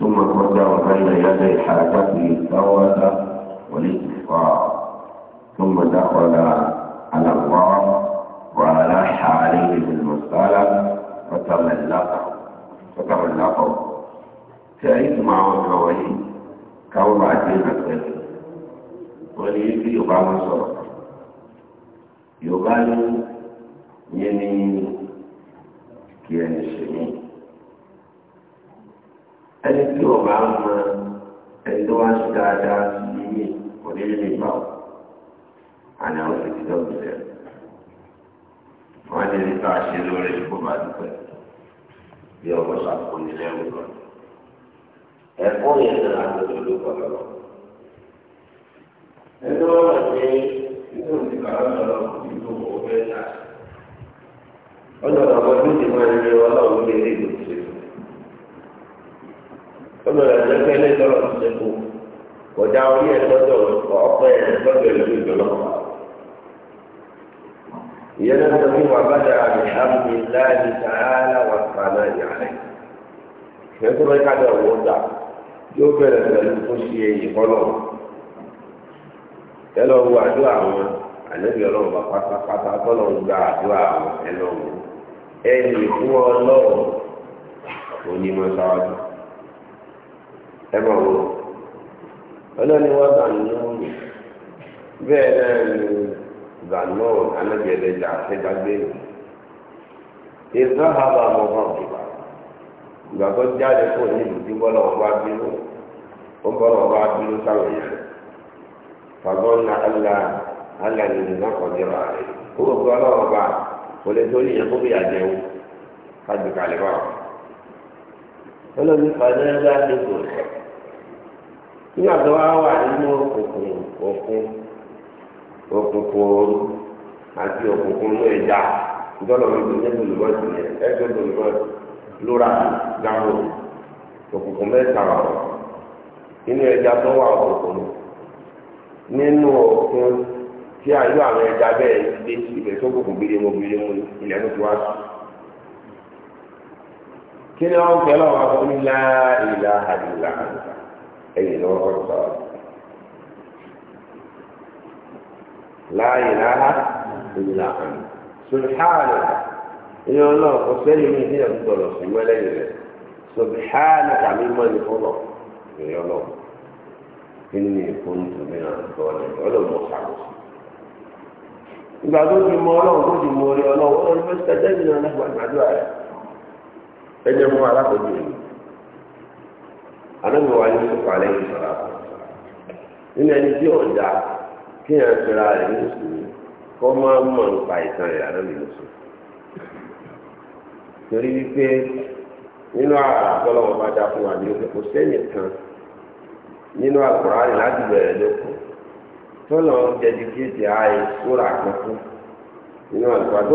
ثم قدر بين يدي حاجته التوبة والاستغفار ثم دخل على الله وألح عليه بالمصطلح وتملقه وتملقه تعيش معه كوي كون بعدين أكثر وليجي يقال صرفه يقال يعني كيان الشميل ẹni tí ò bá ń mọ ẹni tó wá ń ṣe dáadáa sí ilé kò ní lè bá ọ àní àwọn ti ti dọ́gbù rẹ̀ ní nípa àṣẹ lórí kó bá bí ọmọ ṣàkóso lẹ́rù kan ẹ̀kọ́ yẹn ní àgbẹ̀dọ̀ ló kọ̀ lọ́wọ́ ẹni wà ní ìlú bẹ́ẹ̀ náà ti máa ń ọlọ́rọ̀ ẹ̀jẹ̀ pé ilé ìtọ́lọ̀ ti ṣe kú kọjá orí ẹ̀ lọ́dọ̀ ọ̀pẹ́ ẹ̀ lọ́dọ̀ ìlú ìjọlọ́ ìyẹn náà sọ fún wa bàtà alhamdulilayi sàhálà wà sàhálà yàrá ìfẹ́ tó bẹ́ẹ̀ kájọ wò dà yóò bẹ̀rẹ̀ pẹ̀lú kó ṣe ìkọlọ̀ ẹ lọ wo àdúrà wọn àlẹ́bí ọlọ́run bá pátápátá kọ́lọ̀ ń gba àdúrà wọn ẹ lọ wò ẹ fún ọlọ́run onímọ̀ ẹbọ wo ọlọ́ni wọ́n bá nù bẹ́ẹ̀ náà ni ìbànú anábìẹ́lẹ́jà àfẹ́gbàgbé ìgbà bàbá ọmọ bàbá ìgbà tó jáde kó ní ìlú ọba bínú ó bọ́lá ọba bínú sáwọn yẹn fàgbọ́n na ala ala ni nìkan kọjá rà rẹ̀ ó bá lè kó bí àjẹwò kalẹ̀ bá wọn. ọlọ́ni fàdé ńlá kò nígbà tó wá wà nínú òkùnkùn òkun òkùnkùn ooru àti òkùnkùn inú ẹja ìjọlọ́wọ́ ìgbésẹ̀ olùmọ̀tì yẹn ẹgbẹ́ olùmọ̀tì lóra dáhùn òkùnkùn mẹ́ta wà wọ́n inú ẹja tó wà òkùnkùn nínú òkun tí a yọ àwọn ẹja bẹ́ẹ̀ dé ibẹ̀ tó kùkùn gbélémù gbélémù ilẹ̀ tó ti wá sùn kí ni wọ́n ń pẹ́ lọ́wọ́ àwọn onílà ìlà àdìlà àdìlà. ẹ̀yìn na kọ́ sọ láàyè láhá ìlà àmì sùnìhánà ìyẹn ọlọ́run kò sẹ́yìn mi ní ẹ̀dúgbò lọ sí wẹ́lẹ́yìn rẹ̀ sùnìhánà tàbí mọ́ni fọlọ́ ìyẹn ọlọ́run kí ni náà ọlọ́run mọ̀ ìgbà tó ti mọ ọlọ́run tó ti mọ orí ọlọ́run anábì wa ní sọ̀kọ̀ alẹ́ yìí sọ̀rọ̀ nínú ẹni tí ò da kí ẹ̀ fira rẹ̀ ní mùsùlùmí kọ́ máa mọ̀ nípa ìtàn rẹ̀ torí wípé nínú àrà bá dá fún wa ní oṣù kò sẹ́yìn kan nínú àkùrá rẹ̀ láti bẹ̀rẹ̀ lóko sóra nínú àkùrá tó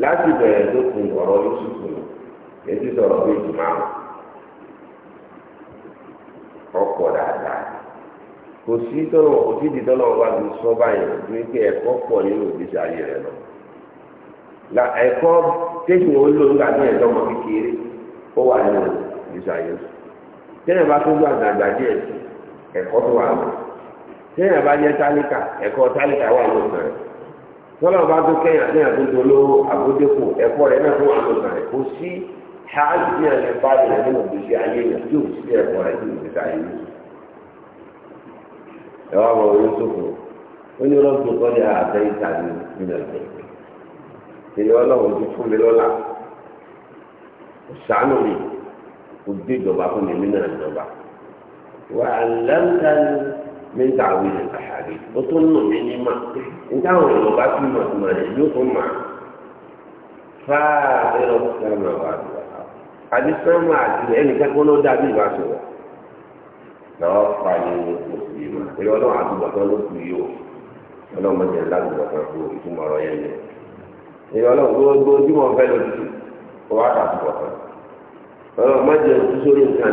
láti bẹ̀rẹ̀ tó kun ọ̀rọ̀ Yúsúfù nù ètí sọ̀rọ̀ bí ìjùmọ̀ àwọn ọkọ̀ dáadáa kò sí tọ́lọ̀ òtítì tọ́lọ̀ wa ti sọ báyìí ní pé ẹ̀kọ́ pọ̀ nínú ìgbésí ayé rẹ̀ lọ. la ẹ̀kọ́ tẹ̀sán olóò ńgbà náà ẹ̀dọ́ ọmọ kékeré ó wà nínú ìgbésí ayé rẹ̀. tẹ́lẹ̀ bá tó gbà gbàgbà díẹ̀ ẹ̀kọ́ tó wà lọ. tẹ́lẹ̀ bá jẹ́ tálíkà ẹ̀kọ́ tálíkà wà tọ́lá bá tó kẹ́yìn àti àtúntò lówó àbójúkù ẹ̀kọ́ rẹ̀ náà fún àlùkàn rẹ̀ kò sí ṣáájú ní àlẹ́ bá rẹ̀ nínú ìgbésí ayé rẹ̀ tí ò sí ẹ̀kọ́ rẹ̀ nínú ìgbésí ayé rẹ̀. ẹ wá wọ orí tó fún ó ní ọlọ́run tó kọ́ ní àtẹ ìtàgé nínú ẹ̀kọ́ ìlú ọlọ́run ti fún mi lọ́la ṣàánú mi kò gbé ìjọba fún mi nínú ìjọba ó tó nù mí ní mà nítawọn èèyàn bá tún mọ̀ mọ̀ rẹ̀ yóò tó mà fáà ẹ̀rọ sàmà wà lọ àbí àti ẹnì kẹ́kọ̀ọ́ ló dàbí ìbáṣọ̀rọ̀ lọ́wọ́ fàyè oṣù yìí ma pé ọlọ́run àdúgbò kan ló kù yìí o ọlọ́run mọ̀jẹ̀ ládùúgbò kan kú yẹn ni ọlọ́run fẹ́ kan ọlọ́run mọ̀jẹ̀ ojú sórí nǹkan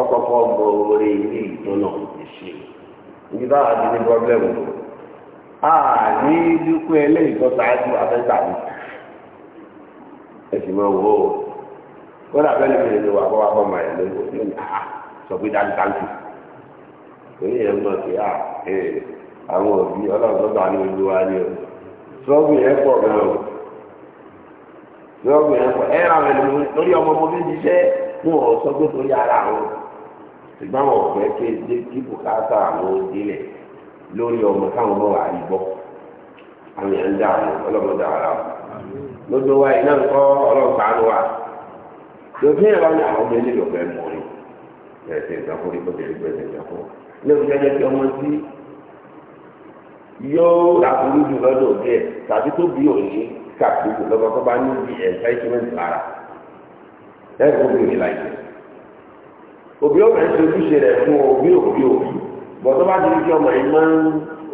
ọkọ̀ọ̀kọ̀ bọ̀ orí ilé ìtọ́nà ìṣe ní bá àti ní pọ́blẹ́mù a ní dúkú eléyìí tó ṣáájú afẹ́ta mi wò ó kódà bẹ́ẹ̀ ni lè wà bọ́ wà bọ́ màá yóò ní àhà sọ pé dájú dájú òní yẹn mọ̀ sí à ee àwọn òbí wa ní o sọ́ọ̀bù yẹn pọ̀ o sọ́ọ̀bù yẹn pọ̀ ẹ̀ lórí ọmọ ṣùgbọ́n àwọn ọ̀fẹ́ ké dé kí bùkátà àwọn òdìlẹ̀ lórí ọmọ káwọn ọmọ wàá yìí bọ́ àwọn èèyàn ń dà wọn ọlọ́mọdé ara wọn lójó wa iná ńkọ́ ọlọ́ọ̀gbà ló wa lójú yẹn wọn ni àwọn ọmọ eléyìí ọ̀fẹ́ mọ̀ ni ẹ̀sìn ìgbàkúrò ìgbàkúrò ìgbàkúrò ìgbàkúrò yóò làkúrú jù lọ́dọ̀ òbí tàbí tó bí òní kàkúrú jù lọ́dọ̀ bá ní bí ẹ̀ lára ẹ̀ òbí ọmọ ẹ̀ ń ṣe ojúṣe rẹ̀ fún òbí òbí òbí bọ́tọ́ bá ti rí kí ọmọ yìí máa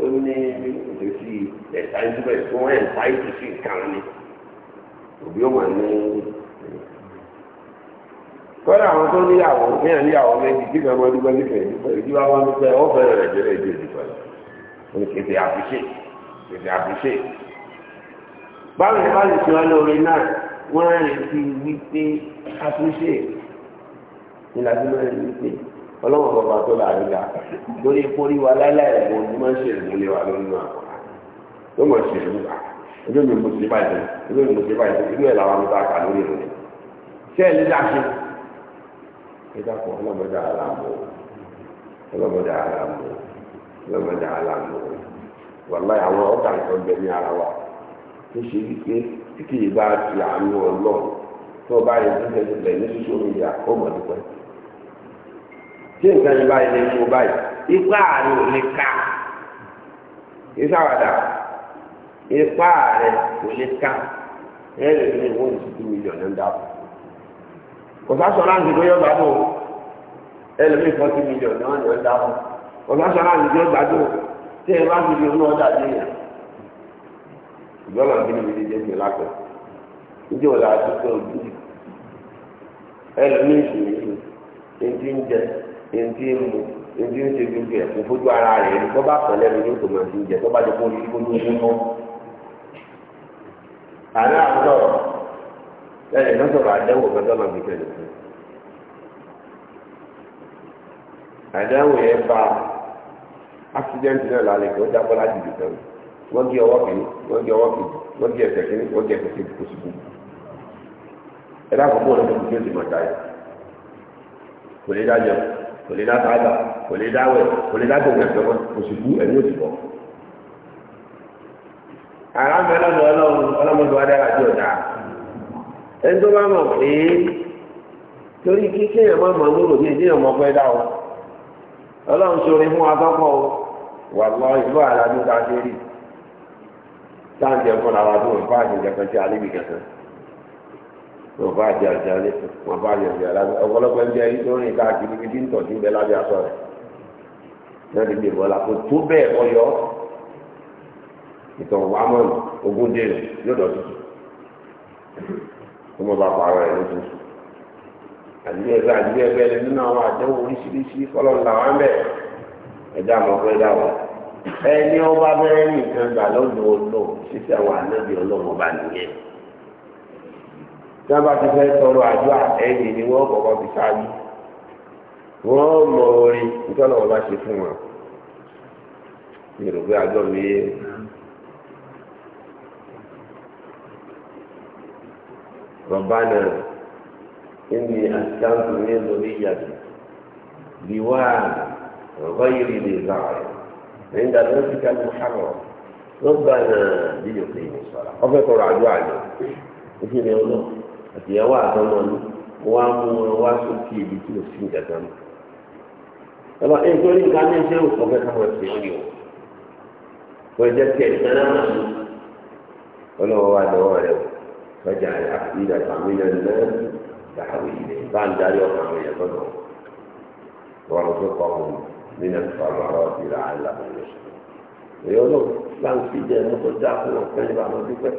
ń ní ìdòsí ẹ̀ta ìdúbẹ̀ tó wọ́n ẹ̀ta ìdòsí nǹkan ni òbí ọmọ ní. kọ́lá àwọn tó níyàwó níyàn níyàwó méjì tí kàn máa dúpẹ́ nífẹ̀ẹ́ ìdí wa máa ń dúpẹ́ ó rẹ̀ jẹ́rẹ̀ ìdí òdì pẹ̀lú òun kètè àbíṣe kètè báwo ni báyìí ti wá lórí náà wọ́n á rìn sí wípé àtúnṣe nílàjú mẹ́rin ní pé ọlọ́run bàbá tó láàrin ga lórí ìforí wa láíláì ẹ̀bùn ni máa ń ṣe ìrìnlẹ̀ wa náà ló ṣe ìrìnlẹ̀ wa ojú mi ojú mi ẹ̀ làwọn lórí ìrìnlẹ̀ ṣé ẹ̀ nígbà ṣe ọlọ́mọdé ọlọ́mọdé ọlọ́mọdé àwọn ọ̀tà nǹkan bẹ ní ara wa tó ṣe wípé tí kì ti àánú ọlọ́run tó bá yẹ kí tí nǹkan yìí báyìí lè mú báyìí ipá àrùn ò lè ká ìsáwàdà ipá rẹ kò lè ká ẹ lè ní ìwọ̀n ìsìnkú mílíọ̀nù ń dáàbò kò sásọ láǹdì tó yọ gbádùn ẹ lè ní fọ́tí mílíọ̀nù náà yọ kò sásọ láǹdì tó yọ gbádùn tí ẹ bá fi di ọmọ ọdà dé yàn ìjọba ń bínú ntí mu ntí ń ṣe dúdú ẹ̀ kò fojú ara rẹ̀ ní tó bá pẹ̀lẹ́ mi ní tòmọ̀ sí jẹ tó bá jẹ kó ní kó ní ogún àná àtọ̀ lẹ́yìn náà sọ̀rọ̀ àdẹ́wò gbọ́dọ̀ náà fi tẹ̀lé fún. àdẹ́wò yẹn bá accident náà lálẹ́ kí ó láti dùn tán wọ́n gé ọwọ́ kìíní wọ́n gé ọwọ́ kìíní wọ́n gé ẹsẹ̀ kìíní wọ́n gé ẹsẹ̀ kìíní kò ẹ dáàbò bó o lọ sí ibi tí ti mọ̀ táyà kò dájọ́. kò lè dá sáábà kò lè dá kò lè dá gbogbo ẹ̀fẹ́ kò sì kú bọ̀. ara mi ọlọ́mọ ọlọ́run ọlọ́mọdé wa dára sí ọ̀dà ẹni tó bá mọ̀ pé torí kí kéèyàn má mọ̀ lóòrò bí ìdíyàn mọ̀ wọn bá jẹ àjẹ alẹ wọn bá yẹ ọjọ alábẹ ọ̀pọ̀lọpọ̀ ẹbí ayé tó rìn káàkiri gidi ń tọjú bẹ lábẹ́ aṣọ rẹ náà lè dè bọlá kò tó bẹ́ẹ̀ ọyọ ìtàn wà mọ ogún dèrò yọdọ tuntun tó mọ bá pààrọ̀ ẹ lójú àdúgbò ẹgbẹ́ àdúgbò ẹgbẹ́ ẹni nínú àwọn àdéhùn oríṣiríṣi kọlọ ńlá wà ń bẹ ẹ̀dá àmọ́ pé wà ẹni ọba bẹ̀rẹ̀ nìkan gbà lọ́dọ̀ Ọlọ́run ṣíṣe àwọn ànábì Ọlọ́run ọba nìyẹn. sábà ti fẹ́ tọrọ àdúrà ẹ̀yìn ni wọ́n kọ̀kọ́ fi ṣáájú wọ́n mọ orin nítorí wọn ṣe fún wọn mi àjọ mi yé rọ̀bánà ẹni àtàkùn ní lórí yàtọ̀ bíwá rọ̀báyìrì lè zà rẹ̀ ẹ̀yìn dàdé ó ti ká ló ṣàkọ̀ rọ̀bánà bí yìí sọ̀rọ̀ ọ̀fẹ́ tọrọ àdúrà yìí ìṣẹ̀lẹ̀ ọlọ́run. àtìyàwó àtọmọ ní wọ́n á mú wọn wá sókè ibi tí ò sí ìdàgbà mọ́. ẹ̀rọ nítorí nǹkan ní ṣé òkú ọ̀fẹ́ káwọn ẹ̀sìn ń rí o wọ́n jẹ́ tiẹ̀ sẹ́nà náà ní ọlọ́wọ́ wa lọ́wọ́ rẹ̀ o sọ́jà rẹ̀ àfihàn àtàmínà náà dàwé ilẹ̀ bá ń darí ọkàn àwọn èèyàn lọ́dọ̀ wọn lọ fẹ́ kọ́ wọn nínú ìfọ̀rọ̀ ọ̀rọ̀ ìlà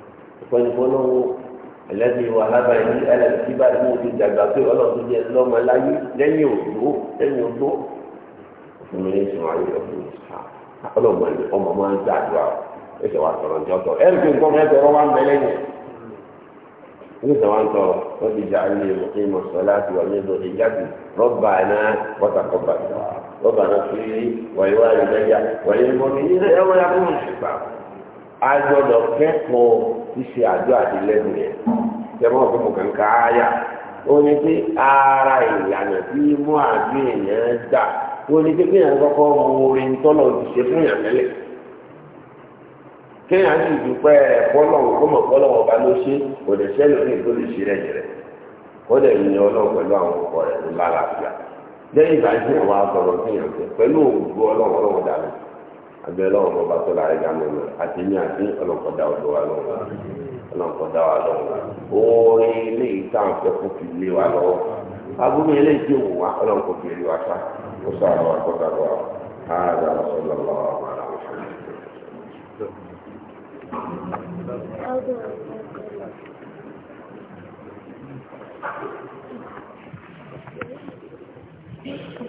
ìpọ́nìpọ́nà ẹlẹ́bi wàhálà yìí ẹlẹ́bi bá yìí ti dàgbà pé ọlọ́run yẹ lọ́mọ láyé lẹ́yìn òdó lẹ́yìn òdó òfin mi ní sùn ayé ọ̀fun mi sà ọlọ́mọ ẹ̀mí ọmọ máa ń gbàdúrà ẹsẹ̀ wa sọ̀rọ̀ ní ọ̀tọ̀ ẹ̀rí pé nǹkan mẹ́tọ̀ ọ̀rọ̀ wa ń bẹ lẹ́yìn ẹsẹ̀ wa ń tọ̀ wọ́n ti jà ní ìmọ̀tí mọ̀sálá ti wà nílò ìjáde rọ́bà náà wọ́tàkọ́bà rọ́bà náà agbọ́dọ̀ kẹ́kọ̀ọ́ ṣíṣe àjọ àdìlẹ́nu yẹn tẹ́wọ́n fún mọ̀kàn káyà ó ní pé ara ìlànà tí mú àjọ èèyàn dà ó ní pé kéèyàn kọ́kọ́ mú orin tọ́lọ̀ ṣe fún yàn tẹ́lẹ̀ kéèyàn sì dúpẹ́ fọ́lọ̀ kọ́mọ̀ fọ́lọ̀ ọba ló ṣe kò lè ṣẹ́ lórí tó lè ṣe rẹ̀ jẹ̀rẹ̀ ó dẹ̀ yin ọlọ́run pẹ̀lú àwọn ọkọ rẹ̀ lálàáfíà lẹ́yìn ìgbà tí àwọn àtọ̀rọ̀ kéèyàn pẹ̀lú òògùn ọlọ́run ọlọ́run dànù abẹ́lẹ́ ọ̀rọ̀ bá tó láàrin gánà lọ àti ní àti ọlọ́kọ̀dá ọ̀dọ̀ wa lọ́wọ́ ọlọ́kọ̀dá wa lọ́wọ́ ilé fi lé wa lọ́wọ́ ilé wa ọlọ́kọ̀ fi lé wa ta ó sọ àwọn lọ Thank you.